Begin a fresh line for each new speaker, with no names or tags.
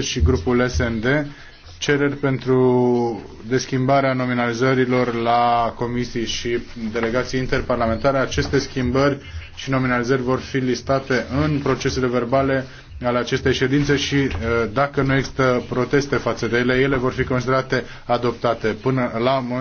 și grupul SND cereri pentru deschimbarea nominalizărilor la comisii și delegații interparlamentare. Aceste schimbări și nominalizări vor fi listate în procesele verbale ale acestei ședințe și uh, dacă nu există proteste față de ele, ele vor fi considerate adoptate până la momentul